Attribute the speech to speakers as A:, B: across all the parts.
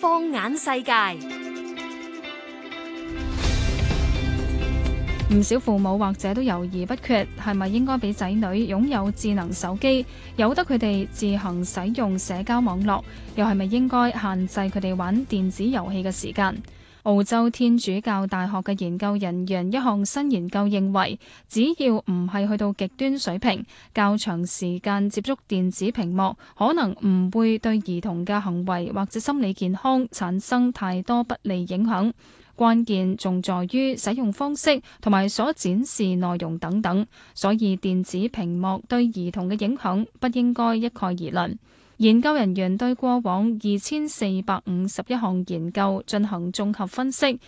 A: 放眼世界，唔少父母或者都猶豫不決，係咪應該俾仔女擁有智能手機，由得佢哋自行使用社交網絡，又係咪應該限制佢哋玩電子遊戲嘅時間？澳洲天主教大學嘅研究人員一項新研究認為，只要唔係去到極端水平，較長時間接觸電子屏幕，可能唔會對兒童嘅行為或者心理健康產生太多不利影響。關鍵仲在於使用方式同埋所展示內容等等，所以電子屏幕對兒童嘅影響不應該一概而論。研究人員對過往二千四百五十一項研究進行綜合分析，呢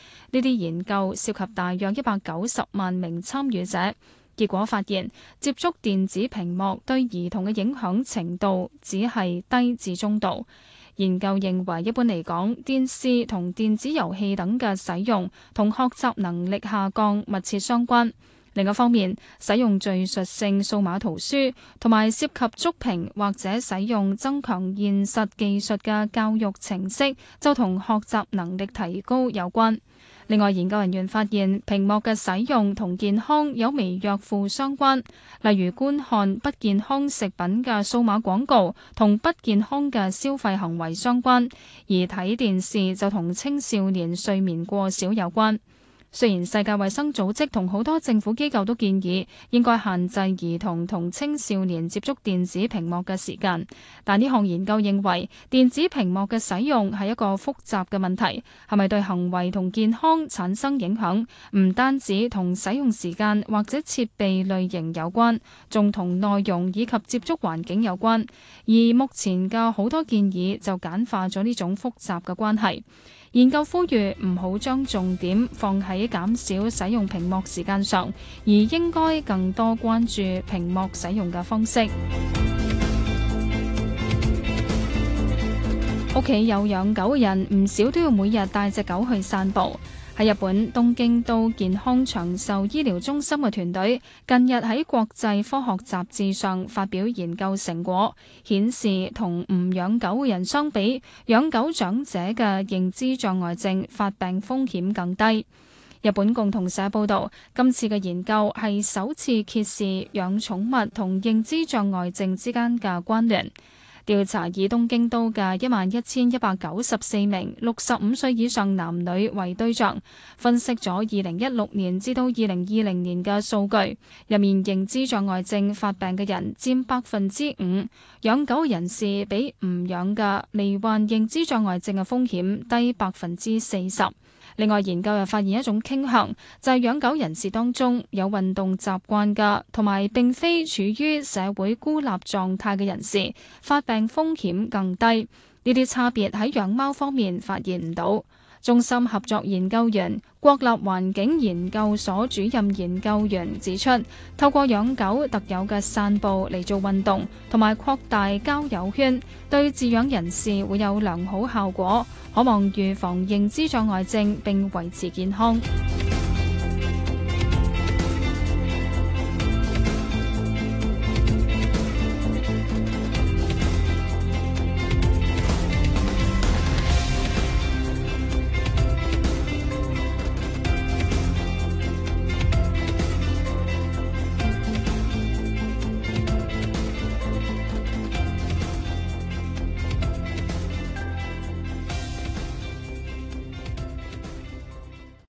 A: 啲研究涉及大約一百九十萬名參與者。結果發現，接觸電子屏幕對兒童嘅影響程度只係低至中度。研究認為，一般嚟講，電視同電子遊戲等嘅使用同學習能力下降密切相關。另一方面，使用敘述性數碼圖書同埋涉及觸屏或者使用增強現實技術嘅教育程式，就同學習能力提高有關。另外，研究人員發現屏幕嘅使用同健康有微弱負相關，例如觀看不健康食品嘅數碼廣告同不健康嘅消費行為相關，而睇電視就同青少年睡眠過少有關。雖然世界衛生組織同好多政府機構都建議應該限制兒童同青少年接觸電子屏幕嘅時間，但呢項研究認為電子屏幕嘅使用係一個複雜嘅問題，係咪對行為同健康產生影響，唔單止同使用時間或者設備類型有關，仲同內容以及接觸環境有關。而目前嘅好多建議就簡化咗呢種複雜嘅關係。研究呼籲唔好將重點放喺減少使用屏幕時間上，而應該更多關注屏幕使用嘅方式。屋企有養狗嘅人唔少，都要每日帶隻狗去散步。喺日本東京都健康長壽醫療中心嘅團隊近日喺國際科學雜誌上發表研究成果，顯示同唔養狗嘅人相比，養狗長者嘅認知障礙症發病風險更低。日本共同社報道，今次嘅研究係首次揭示養寵物同認知障礙症之間嘅關聯。調查以東京都嘅一萬一千一百九十四名六十五歲以上男女為對象，分析咗二零一六年至到二零二零年嘅數據。入面認知障礙症發病嘅人佔百分之五，養狗人士比唔養嘅罹患認知障礙症嘅風險低百分之四十。另外，研究又發現一種傾向，就係、是、養狗人士當中有運動習慣嘅，同埋並非處於社會孤立狀態嘅人士，發病風險更低。呢啲差別喺養貓方面發現唔到。中心合作研究員、國立環境研究所主任研究員指出，透過養狗特有嘅散步嚟做運動，同埋擴大交友圈，對飼養人士會有良好效果，可望預防認知障礙症並維持健康。